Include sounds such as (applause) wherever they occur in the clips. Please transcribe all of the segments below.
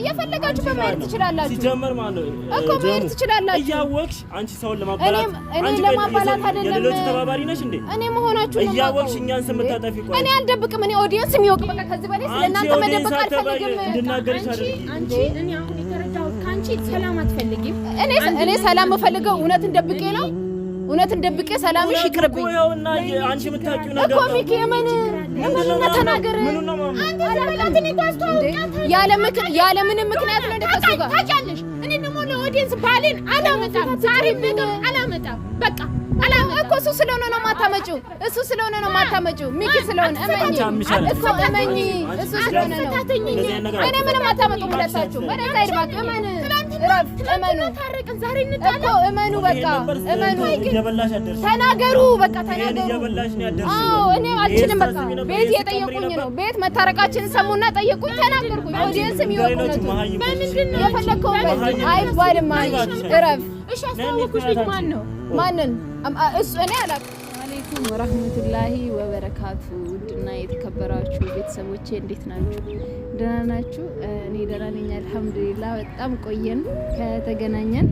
እየፈለጋችሁ በመሄድ ትችላላችሁ። ሲጀመር ማለት ነው እኮ መሄድ ትችላላችሁ። እያወቅሽ አንቺ ሰውን ለማባላት እኔ ለማባላት አይደለም። የሌሎቹ ተባባሪ ነሽ እንዴ? እኔ መሆናችሁ እያወቅሽ እኛን ስምታጠፊ እኮ እኔ አልደብቅም። እኔ ኦዲየንስ የሚወቅ በቃ ከዚህ በላይ ስለእናንተ መደበቅ አልፈልግም። እንድናገርሽ አንቺ እኔ አሁን የተረዳሁት ከአንቺ ሰላም አትፈልጊም። እኔ እኔ ሰላም የምፈልገው እውነትን ደብቄ ነው። እውነትን ደብቄ ሰላምሽ ይቅርብኝ እኮ ሚኪ የምን ተናገር። ያለ ምንም ምክንያት ነው ከሱ ጋር ታውቂያለሽ። እኔ ደግሞ ለኦዲየንስ ባሌን አላመጣም፣ ዛሬ ነገም አላመጣም። በቃ እኮ እሱ ስለሆነ ነው የማታመጪው፣ እሱ ስለሆነ ነው የማታመጪው። ሚኪ ስለሆነ እመኚ እኮ እመኚ፣ እሱ ስለሆነ ነው። እኔ ምንም አታመጡም ሁለታችሁም። እመን እመኑ በቃ እመኑ፣ ተናገሩ በቃ ተናገሩ። እኔ አልችልም በቃ ቤት የጠየቁኝ ነው። ቤት መታረቃችን ሰሙና ጠየቁኝ፣ ተናገርኩኝ። ኦዲየንስም ይወቁነቱ የፈለግከውን በል አይባልም። እረፍ። እሺ አስተዋወቅኩሽ ልጅ ማን ነው? ማንን? እሱ እኔ አላውቅም አለይኩም ወራህመቱላሂ ወበረካቱ። ውድና የተከበራችሁ ቤተሰቦቼ እንዴት ናችሁ? ደህና ናችሁ? እኔ ደህና ነኝ አልሐምዱሊላህ። በጣም ቆየን ከተገናኘን።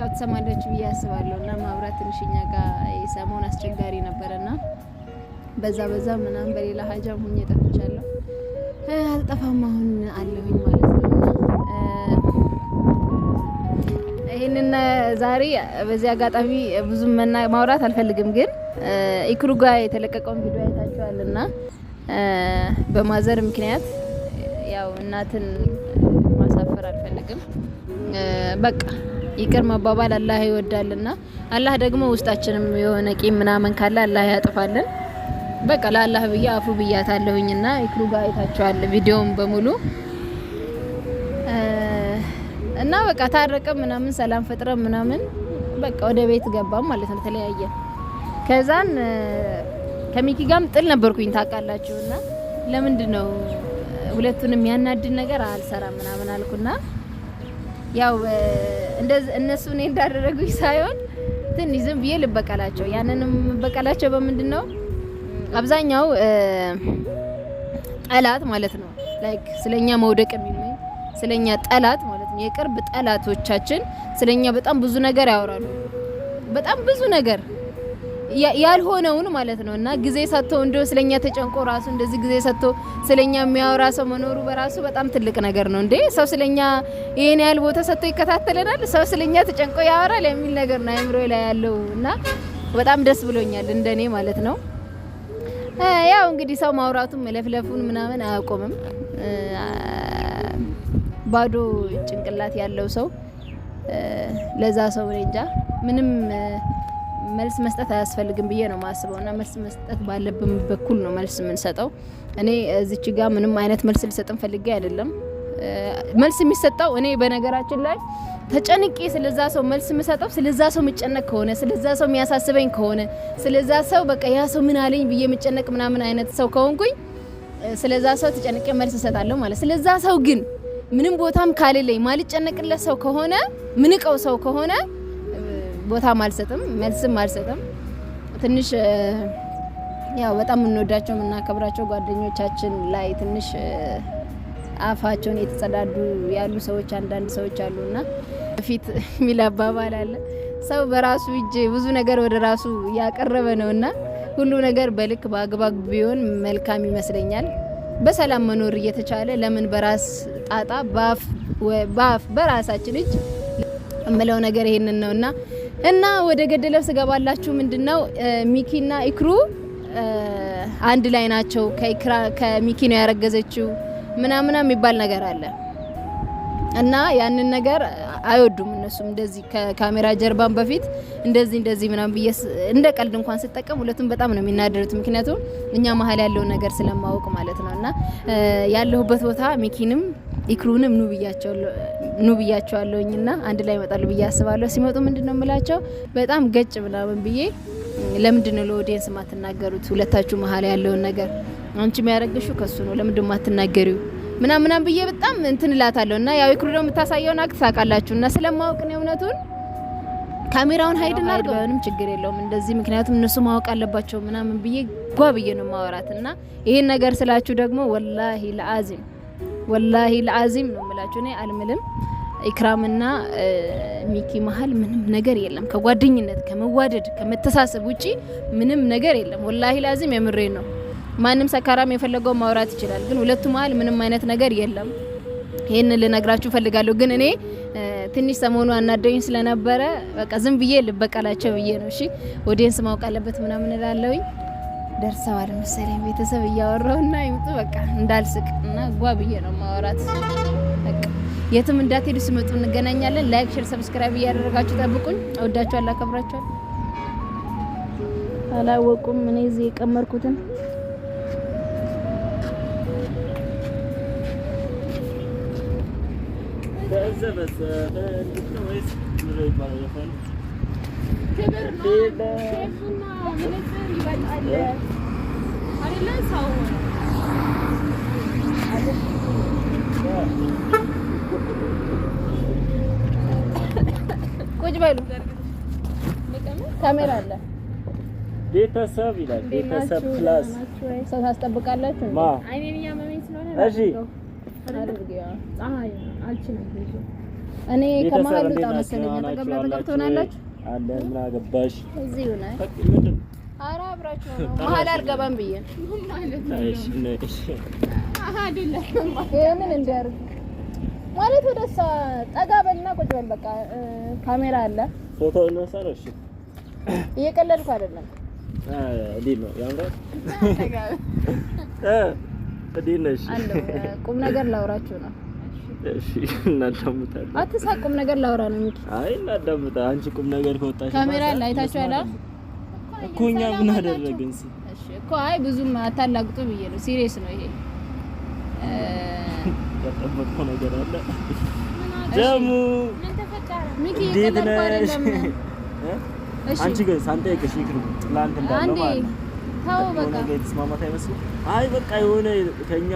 ያው ትሰማላችሁ ብዬ አስባለሁ እና ማብራት ትንሽ እኛ ጋር የሰሞን አስቸጋሪ ነበረና በዛ በዛ ምናምን በሌላ ሀጃም ሁኜ ጠፍቻለሁ። አልጠፋም አሁን አለሁኝ ዛሬ በዚህ አጋጣሚ ብዙ ማውራት አልፈልግም፣ ግን ኢክሩጋ የተለቀቀውን ቪዲዮ አይታችኋል እና በማዘር ምክንያት ያው እናትን ማሳፈር አልፈልግም። በቃ ይቅር መባባል አላህ ይወዳልና አላህ ደግሞ ውስጣችንም የሆነ ቂም ምናምን ካለ አላህ ያጥፋልን። በቃ ለአላህ ብዬ አፉ ብያታለሁኝና ኢክሩጋ አይታችኋል ቪዲዮውን በሙሉ እና በቃ ታረቀ ምናምን ሰላም ፈጥረ ምናምን በቃ ወደ ቤት ገባም ማለት ነው። ተለያየ። ከዛን ከሚኪ ጋም ጥል ነበርኩኝ ታውቃላችሁ። እና ለምንድን ነው ሁለቱን የሚያናድን ነገር አልሰራም ምናምን አልኩና ያው እነሱ እኔ እንዳደረጉኝ ሳይሆን ትንሽ ዝም ብዬ ልበቀላቸው። ያንንም በቀላቸው በምንድን ነው አብዛኛው ጠላት ማለት ነው ላይክ ስለኛ መውደቅ የሚሉኝ ስለኛ ጠላት ማለት የቅርብ ጠላቶቻችን ስለኛ በጣም ብዙ ነገር ያወራሉ። በጣም ብዙ ነገር ያልሆነውን ማለት ነው እና ጊዜ ሰጥቶ እንደው ስለኛ ተጨንቆ ራሱ እንደዚህ ጊዜ ሰጥቶ ስለኛ የሚያወራ ሰው መኖሩ በራሱ በጣም ትልቅ ነገር ነው። እንዴ ሰው ስለኛ ይሄን ያህል ቦታ ሰጥቶ ይከታተለናል፣ ሰው ስለኛ ተጨንቆ ያወራል የሚል ነገር ነው አእምሮ ላይ ያለው እና በጣም ደስ ብሎኛል እንደኔ ማለት ነው። ያው እንግዲህ ሰው ማውራቱን መለፍለፉን ምናምን አያቆምም። ባዶ ጭንቅላት ያለው ሰው ለዛ ሰው እንጃ ምንም መልስ መስጠት አያስፈልግም ብዬ ነው ማስበው። እና መልስ መስጠት ባለብን በኩል ነው መልስ የምንሰጠው። እኔ እዚች ጋ ምንም አይነት መልስ ልሰጥም ፈልጌ አይደለም። መልስ የሚሰጠው እኔ በነገራችን ላይ ተጨንቄ ስለዛ ሰው መልስ የምሰጠው ስለዛ ሰው የምጨነቅ ከሆነ ስለዛ ሰው የሚያሳስበኝ ከሆነ ስለዛ ሰው በቃ ያ ሰው ምን አለኝ ብዬ የምጨነቅ ምናምን አይነት ሰው ከሆንኩኝ ስለዛ ሰው ተጨንቄ መልስ እሰጣለሁ ማለት ስለዛ ሰው ግን ምንም ቦታም ካልለኝ ማልጨነቅለት ሰው ከሆነ ምንቀው ሰው ከሆነ ቦታም አልሰጥም፣ መልስም አልሰጥም። ትንሽ ያው በጣም የምንወዳቸው የምናከብራቸው ጓደኞቻችን ላይ ትንሽ አፋቸውን የተጸዳዱ ያሉ ሰዎች አንዳንድ ሰዎች አሉና በፊት የሚል አባባል አለ። ሰው በራሱ እጅ ብዙ ነገር ወደ ራሱ እያቀረበ ነውና ሁሉ ነገር በልክ በአግባብ ቢሆን መልካም ይመስለኛል። በሰላም መኖር እየተቻለ ለምን በራስ ጣጣ ባፍ በራሳችን እጅ እምለው ነገር ይሄንን ነውና እና ወደ ገደለው ስገባላችሁ ምንድነው ሚኪና ኢክሩ አንድ ላይ ናቸው። ከሚኪ ነው ያረገዘችው ምናምና የሚባል ነገር አለ። እና ያንን ነገር አይወዱም እነሱም። እንደዚህ ከካሜራ ጀርባን በፊት እንደዚህ እንደዚህ ምናምን ብዬ እንደ ቀልድ እንኳን ስጠቀም ሁለቱም በጣም ነው የሚናደሩት። ምክንያቱም እኛ መሀል ያለውን ነገር ስለማወቅ ማለት ነው። እና ያለሁበት ቦታ ሚኪንም ኢክሩንም ኑ ብያቸዋለሁኝ እና አንድ ላይ ይመጣሉ ብዬ አስባለሁ። ሲመጡ ምንድን ነው የምላቸው በጣም ገጭ ምናምን ብዬ ለምንድን ነው ለኦዲየንስ ማትናገሩት? ሁለታችሁ መሀል ያለውን ነገር አንቺ የሚያረግሹ ከሱ ነው ለምንድን ማትናገሪው ምናም ብዬ በጣም እንትን እላታለሁ እና ያው የክሩዶ የምታሳየውን አክት ታውቃላችሁ እና ስለማወቅ ነው እውነቱን ካሜራውን ሀይድ እናድርገው ምንም ችግር የለውም እንደዚህ ምክንያቱም እነሱ ማወቅ አለባቸው ምናምን ብዬ ጓ ብዬ ነው ማወራት እና ይሄን ነገር ስላችሁ ደግሞ ወላሂ ለአዚም ወላሂ ለአዚም ነው የምላችሁ እኔ አልምልም ኢክራምና ሚኪ መሀል ምንም ነገር የለም ከጓደኝነት ከመዋደድ ከመተሳሰብ ውጪ ምንም ነገር የለም ወላሂ ለአዚም የምሬ ነው ማንም ሰካራም የፈለገው ማውራት ይችላል፣ ግን ሁለቱ መሀል ምንም አይነት ነገር የለም። ይህንን ልነግራችሁ ፈልጋለሁ። ግን እኔ ትንሽ ሰሞኑ አናደኝ ስለነበረ በቃ ዝም ብዬ ልበቀላቸው ብዬ ነው። እሺ ኦዲየንስ ማወቅ አለበት ምናምን እላለሁኝ። ደርሰዋል መሰለኝ ቤተሰብ እያወራውና ይምጡ በቃ እንዳልስቅ እና ጓ ብዬ ነው ማውራት። በቃ የትም እንዳትሄዱ፣ ስመጡ እንገናኛለን። ላይክ፣ ሼር፣ ሰብስክራይብ እያደረጋችሁ ጠብቁኝ። እወዳችኋለሁ፣ አከብራችኋለሁ። አላወቁም እኔ እዚህ የቀመርኩትን تعزبت التونس من غير بلد كبرنا شافنا ونزل يبقى الألف أنا لا أصور ቁጭ በሉ። ካሜራ አለ። ቤተሰብ ይላል። ቤተሰብ ፕላስ ሰው ታስጠብቃላችሁ። ማ እኔን እያመመኝ ስለሆነ እሺ አድርጌ ፀሐይ አልችልም። እኔ ከመሀል ልውጣ መሰለኝ። አጠገብ ለአጠገብ ትሆናላችሁ። አለ ምን አገባሽ? እዚህ ሆነ ኧረ አብራችሁ ነው። መሀል አልገባም ብዬ ይህንን እንዲያርግ ማለት ወደ እሷ ጠጋ በልና ቁጭ በል በቃ። ካሜራ አለ፣ ፎቶ እንነሳለን። እሺ እየቀለድኩ አይደለም። እንዴት ነው ቁም ነገር ላውራችሁ ነው እሺ እናዳምጣለን። አትሳቅ፣ ቁም ነገር ላውራ ነው የሚሉት። አይ እናዳምጣ። አንቺ ቁም ነገር ከወጣሽ ካሜራ ላይ አይታችኋል እኮ እኛ ምን አደረግን? እሺ እኮ አይ ብዙም አታላግጡ ብዬ ነው። ሲሪየስ ነው ይሄ። ያጠበቀው ነገር አለ ደሙ። ሚኪ ይሄ አይደለም። አንቺ ግን ሳንጠይቅሽ ይቅር። ትላንት እንዳለው ማለት ነው የተስማማት አይመስልም። አይ በቃ የሆነ ከኛ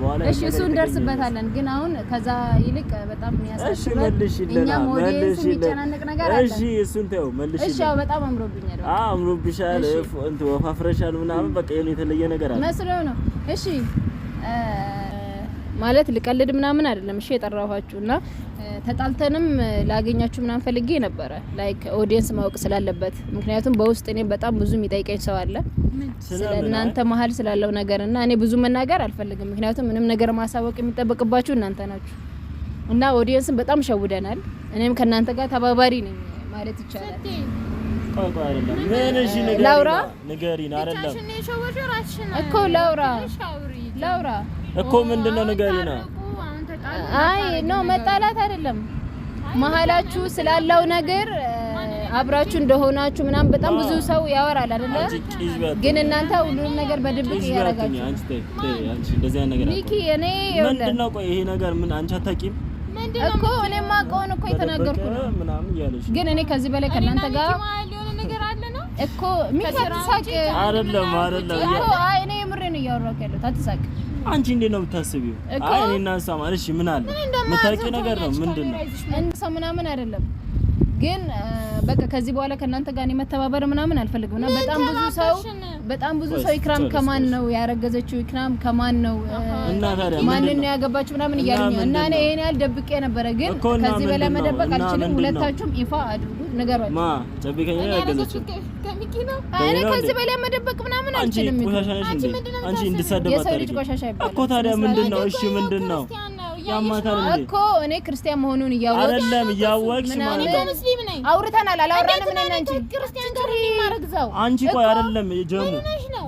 በኋላ እሺ፣ እሱ እንደርስበታለን። ግን አሁን ከዛ ይልቅ በጣም የሚጨናነቅ እሺ፣ እሱን ተይው፣ መልሽ። እሺ፣ በጣም አምሮብኛል። አዎ፣ አምሮብሻል፣ ወፋፍረሻል፣ ምናምን በቃ የተለየ ነገር አለ መስሎ ነው። እሺ ማለት ልቀልድ ምናምን አይደለም። እሺ የጠራኋችሁ እና ተጣልተንም ላገኛችሁ ምናምን ፈልጌ ነበረ ላይክ ኦዲየንስ ማወቅ ስላለበት፣ ምክንያቱም በውስጥ እኔ በጣም ብዙ የሚጠይቀኝ ሰው አለ ስለ እናንተ መሀል ስላለው ነገር እና እኔ ብዙ መናገር አልፈልግም። ምክንያቱም ምንም ነገር ማሳወቅ የሚጠበቅባችሁ እናንተ ናችሁ እና ኦዲየንስን በጣም ሸውደናል። እኔም ከእናንተ ጋር ተባባሪ ነኝ ማለት ይቻላል። ላውራ ንገሪን አይደለም እኮ ላውራ ላውራ እኮ ነገር ንገሪና። አይ ኖ መጣላት አይደለም መሀላችሁ ስላለው ነገር አብራችሁ እንደሆናችሁ ምናምን በጣም ብዙ ሰው ያወራል አይደለ? ግን እናንተ ሁሉንም ነገር በድብቅ እያደረጋችሁ ሚኪ፣ እኔ ምንድነው ቆይ ይሄ ነገር ምን አንቺ አታውቂም እኮ እኔ ማቀውን እኮ የተናገርኩ ነው። ግን እኔ ከዚህ በላይ ከእናንተ ጋር እኮ ሚኪ፣ አትሳቅ። አይደለም አይደለም እኮ እኔ የምሬን እያወራሁ ያለሁት አትሳቅ አንቺ እንዴት ነው የምታስቢው? አይ እኔ እና እሷ ማለት እሺ፣ ምን አለ የምታውቂው ነገር ነው ምንድን ነው? ምናምን አይደለም ግን በቃ ከዚህ በኋላ ከእናንተ ጋር መተባበር ምናምን አልፈልግም እና በጣም ብዙ ሰው በጣም ብዙ ሰው ኢክራም ከማን ነው ያረገዘችው? ኢክራም ከማን ነው ማንን ነው ያገባችሁ? ምናምን እያሉኝ እና እኔ ይሄን ያህል ደብቄ ነበረ፣ ግን ከዚህ በላይ መደበቅ አልችልም። ሁለታችሁም ይፋ አድርጉ፣ ንገሯት። ማ ጨብቀኛ ያገዘችው እኔ ከዚህ በላይ መደበቅ ምናምን አልችልም። አንቺ ምንድነው አንቺ እንድትሳደብ እኮ ታዲያ ምንድነው? እሺ ምንድነው ያማታል እኮ እኔ ክርስቲያን መሆኑን እያወቅሽ አይደለም እያወቅሽ ማለት ነው። ሙስሊም ነኝ አውርተናል አላወራንም ክርስቲያን ጋር አንቺ ቆይ አይደለም ጀሙ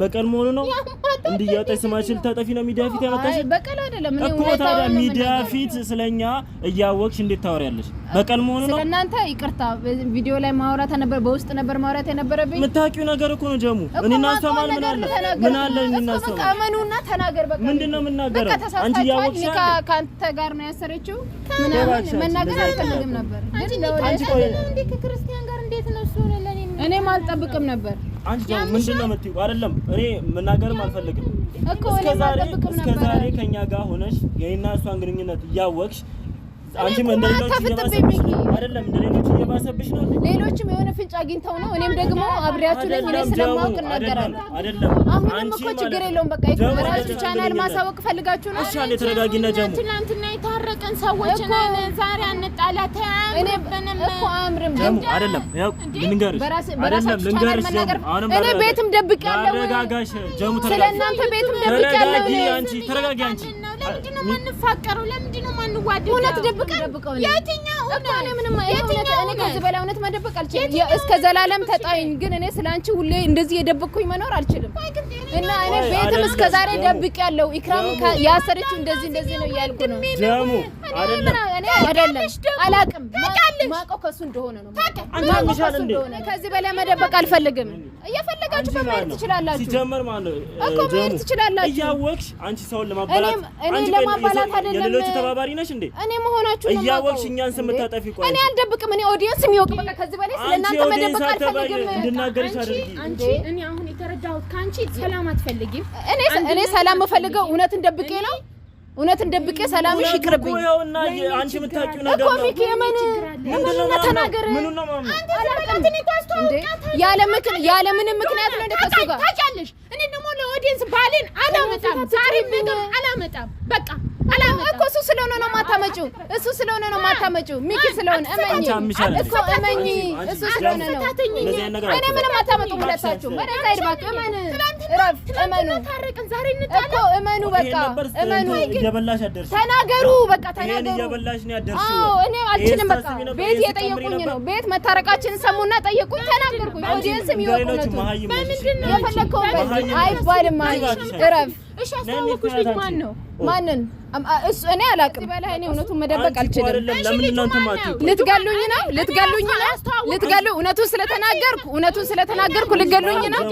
በቀል መሆኑ ነው ስማችን ተጠፊ ነው ሚዲያ ፊት ያመጣሽ በቀል አይደለም እኮ ታዲያ ሚዲያ ፊት ስለኛ እያወቅሽ እንዴት ታወሪያለሽ? በቀል መሆኑ ነው። ስለናንተ ይቅርታ፣ ቪዲዮ ላይ ማውራት ነበር፣ በውስጥ ነበር ማውራት የነበረብኝ። የምታውቂው ነገር እኮ ነው ጀሙ። እኔና እሷ ምን አለ ምን አለ እኔና እሷ በቃ ተናገር። በቃ የምናገረው? አንቺ እያወቅሽ ጋር ነው ያሰረችው ምናምን መናገር አልፈልግም ነበር። አንቺ ቆይ፣ ከክርስቲያን ጋር እንዴት ነው እሱ? እኔም አልጠብቅም ነበር አንቺ ደግሞ ምንድነው የምትይው? አይደለም እኔ መናገርም አልፈልግም። እስከ ዛሬ ከኛ ጋር ሆነሽ የኔና እሷን ግንኙነት እያወቅሽ አይደለም ሌሎች እየባሰብሽ ነው። ሌሎችም የሆነ ፍንጭ አግኝተው ነው። እኔም ደግሞ አብሬያችሁ ነኝ፣ እኔ ስለማወቅ እናገራለሁ። አሁንም እኮ ችግር የለውም። በቃ የራሱ ቻናል ማሳወቅ ፈልጋችሁ ነው። ትናንትና የታረቅን ሰዎች ዛሬ አንጣላ ተያምርብንም እኮ አይደለም እኔ ቤትም ደብቄያለሁ፣ ስለ እናንተ ቤትም ደብቄያለሁ። ተረጋጊ አንቺ ለምንድን ነው የማንፋቀረው? ለምንድን እውነት መደበቅ አልችልም። እስከ ዘላለም ተጣይኝ። ግን እኔ ስለ ሁሌ እንደዚህ የደበቅኩኝ መኖር አልችልም እና እኔ ቤትም እስከ ዛሬ ደብቅ ያለው ኢክራም ያሰረችው እንደዚህ እንደዚህ ነው እያልኩ ነው። እኔ አይደለም አላውቅም። ማውቀው ከእሱ እንደሆነ ነው። ከዚህ በላይ መደበቅ አልፈልግም። እየፈለጋችሁ በመሄድ ትችላላችሁ። ሲጀመር ማለት እኮ መሄድ ትችላላችሁ። እያወቅሽ አንቺ ሰውን ለማባላት እኔ ለማባላት አይደለም። የሌሎቹ ተባባሪ ነሽ እንዴ? እኔ መሆናችሁ እያወቅሽ እኛን ስምታጠፊ። ቆይ እኔ አልደብቅም። እኔ ኦዲየንስ የሚወቅ በቃ ከዚህ በላይ ስለእናንተ መደበቅ አልፈልግም። እንድናገርሽ አድርጊ። አንቺ እኔ አሁን የተረዳሁት ከአንቺ ሰላም አትፈልጊም። እኔ እኔ ሰላም የምፈልገው እውነትን ደብቄ ነው እውነትን ደብቄ ሰላምሽ ይቅርብኝ ሚኪ፣ ምክንያት ነው ከሱ ጋር ታውቂያለሽ። እኔ ደግሞ ለኦዲየንስ ባሌን አላመጣም፣ ዛሬ አላመጣም። በቃ እኮ እሱ ስለሆነ ነው የማታመጪው፣ እሱ ስለሆነ ነው የማታመጪው። ሚኪ ስለሆነ እኮ እመኝ። እሱ ስለሆነ ነው። እኔ ምንም አታመጡም ሁለታችሁ። ወደ እዛ እመን እረፍ። እመኑ እኮ እመኑ፣ በቃ እመኑ፣ ተናገሩ፣ በቃ ተናገሩ። አዎ እኔ አልችልም። በቃ ቤት የጠየቁኝ ነው። ቤት መታረቃችንን ሰሙና ጠየቁኝ፣ ተናገርኩኝ። ኦዲየንስም ይወቁነቱ የፈለግከውን አይባልም። እረፍ። እሺ፣ አስተዋወቅኩሽ ልጅ ማን ነው? ማንን እኔ አላውቅም እኔ እውነቱን መደበቅ አልችልም። ልትገሉኝ ነው ልትገሉኝ ነው ልትገሉ እውነቱን ስለተናገርኩ እውነቱን ስለተናገርኩ ልትገሉኝ ነው።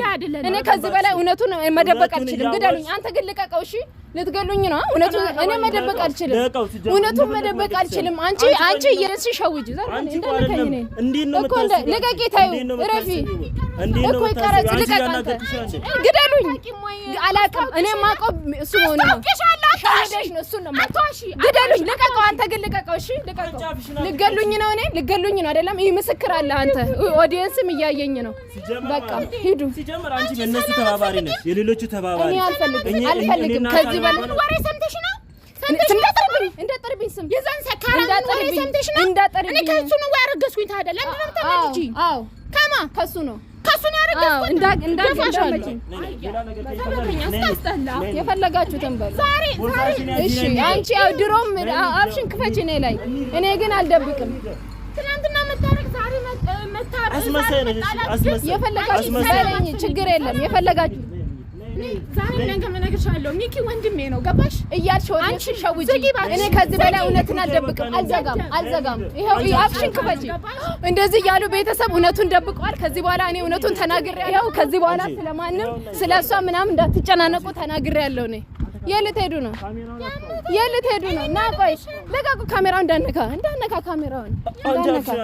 እኔ ከዚህ በላይ እውነቱን መደበቅ አልችልም። ግደሉኝ። አንተ ግን ልቀቀው። እሺ ልትገሉኝ ነው። እውነቱን እኔ መደበቅ አልችልም። እውነቱን መደበቅ አልችልም። አንቺ አንቺ እየረስሽ ሸውጅ ልቀቂ። ታዩ ረፊ እኮ ይቀረጽ። ልቀቅ። ግደሉኝ። አላውቅም እኔ ማቆም እሱ መሆኑ ነው ሽ ነው እሱን ነው ግደሉኝ፣ ልቀቀው። አንተ ግን ልቀቀው፣ እሺ ልቀቀው። ልገሉኝ ነው እኔ ልገሉኝ ነው አይደለም። ይህ ምስክር አለ። አንተ ኦዲየንስም እያየኝ ነው። በቃ ሂዱ። ሲጀምር አንቺ የእነሱ ተባባሪ ነሽ፣ የሌሎቹ ተባባሪ። እኔ አልፈልግም፣ አልፈልግም። ከዚህ በላይ ወሬ ሰምተሽ ነው እንዳጠርብኝ ስም ከማ ከእሱ ነው ከእሱ ነው የፈለጋችሁትን በሉ። እሺ አንቺ ያው ድሮም አብሽን ክፈች እኔ ላይ እኔ ግን አልደብቅም። የፈለጋችሁ ችግር የለም። የፈለጋችሁ ዛሬ ነገ እነግርሻለሁ ሚኪ ወንድሜ ነው ገባሽ እያልሽ ሸውጂ። እኔ ከዚህ በላይ እውነትን አልደብቅም፣ አልዘጋም፣ አልዘጋም። ይኸው አፍሽን እንደዚህ እያሉ ቤተሰብ እውነቱን ደብቀዋል። ከዚህ በኋላ እኔ እውነቱን ተናግሬ፣ ይኸው ከዚህ በኋላ ስለማንም ስለሷ ምናምን እንዳትጨናነቁ ተናግሬ ያለው እኔ የት ሄዱ ነው? የት ሄዱ ነው? ና ቆይ ልቀቁ። ካሜራውን እንዳነካ እንዳነካ ካሜራውን እንዳነካ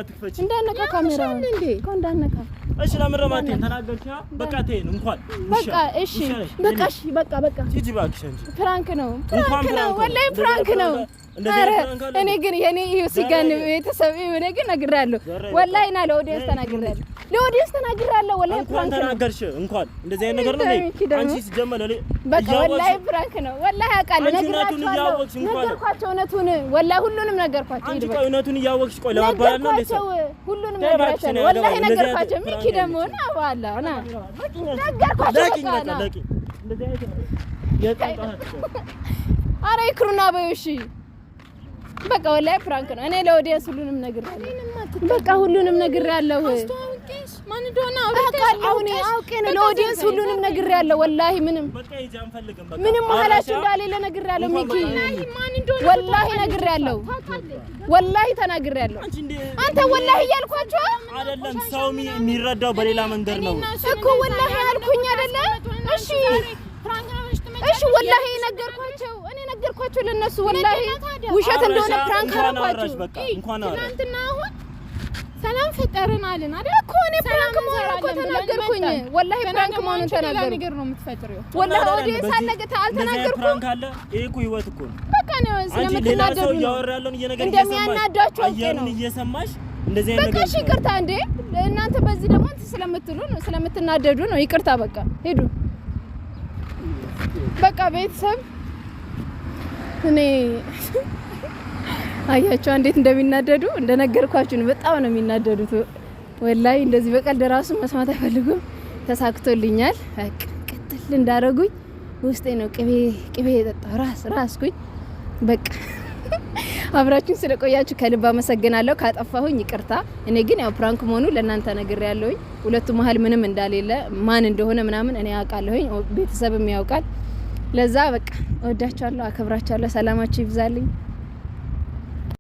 እንዳነካ ካሜራውን እንዴ እኮ እንዳነካ። እሺ ለምረማቴ ተናገርሽ። በቃ ተይን እንኳን በቃ እሺ በቃ እሺ በቃ በቃ ሂጂ እባክሽ እንጂ ፍራንክ ነው ፍራንክ ነው ወላሂ ፍራንክ ነው። አረ እኔ ግን የኔ ይኸው ሲጋን ቤተሰብ እኔ ግን ነግሬያለሁ ወላሂ ና ለኦዲየንስ ተናግሬያለሁ ለወዲስ ተናግራለሁ። ወላሂ እንኳን ተናገርሽ እንኳን እንደዚህ አይነት ነገር ነው። አንቺ ሲጀመር ለኔ በቃ ወላሂ ፍራንክ ነው። ወላሂ አውቃለሁ። ነገርኳቸው እውነቱን፣ ወላሂ ሁሉንም ነገርኳቸው። አንቺ ቆይ እውነቱን እያወቅሽ ቆይ ለማባል ነው ለሰ ሁሉንም ነገርኳቸው። ወላሂ ነገርኳቸው። ሚኪ ደግሞ ና ባላ ና ነገርኳቸው። ለቂ ለቂ አረ ይክሩና በዩሺ በቃ ወላሂ ፍራንክ ነው። እኔ ለወዲያስ ሁሉንም ነግሬያለሁ። በቃ ሁሉንም ነግሬያለሁ። ምን እንደሆነ አውቄ ነው ለኦዲየንስ ሁሉንም ነግሬያለሁ። ወላሂ ምንም ምንም መሀላችሁ እንዳሌለ ነግሬያለሁ። ሚኪ ወላሂ ነግሬያለሁ። ወላሂ ተናግሬያለሁ። አንተ ወላሂ እያልኳቸው አይደለም። ሰው የሚረዳው በሌላ መንገድ ነው እኮ ወላሂ አልኩኝ አይደለም። እሺ እሺ ወላሂ ነገርኳቸው። እኔ ነገርኳቸው ለነሱ ወላሂ ውሸት እንደሆነ ፕራንክ አረኳቸው። እንኳን አወራሽ በቃ እንኳን አወራሽ ሰላም ፈጠርን አልን አይደል እኮ እኔ ፕራንክ መሆኑን እኮ ተናገርኩኝ። ወላሂ ፕራንክ መሆኑን ተናገርኩኝ። ነገር ነው የምትፈጥሪው። ወላሂ ወዲህ ሳለገታ አልተናገርኩም። ይሄ እኮ ህይወት እኮ ነው። በቃ ነው ስለምትናደዱ ነው እንደሚያናዷችሁ እየሰማሽ እንደዚህ አይነት ነገር። በቃ ይቅርታ እንዴ እናንተ በዚህ ደግሞ ስለምትሉ ነው ስለምትናደዱ ነው። ይቅርታ በቃ ሄዱ። በቃ ቤተሰብ እኔ አያቸው እንዴት እንደሚናደዱ እንደነገርኳችሁ ነው። በጣም ነው የሚናደዱት። ወላይ እንደዚህ በቀልድ ራሱ መስማት አይፈልጉም። ተሳክቶልኛል። ቅጥል እንዳረጉኝ ውስጤ ነው ቅቤ ቅቤ የጠጣው ራስ ራስኩኝ። በቃ (laughs) አብራችሁን ስለቆያችሁ ከልብ አመሰግናለሁ። ካጠፋሁኝ ይቅርታ። እኔ ግን ያው ፕራንክ መሆኑ ለእናንተ ነግሬ ያለሁኝ ሁለቱ መሀል ምንም እንዳሌለ ማን እንደሆነ ምናምን እኔ ያውቃለሁኝ፣ ቤተሰብም ያውቃል። ለዛ በቃ እወዳችኋለሁ፣ አከብራችኋለሁ። ሰላማችሁ ይብዛልኝ።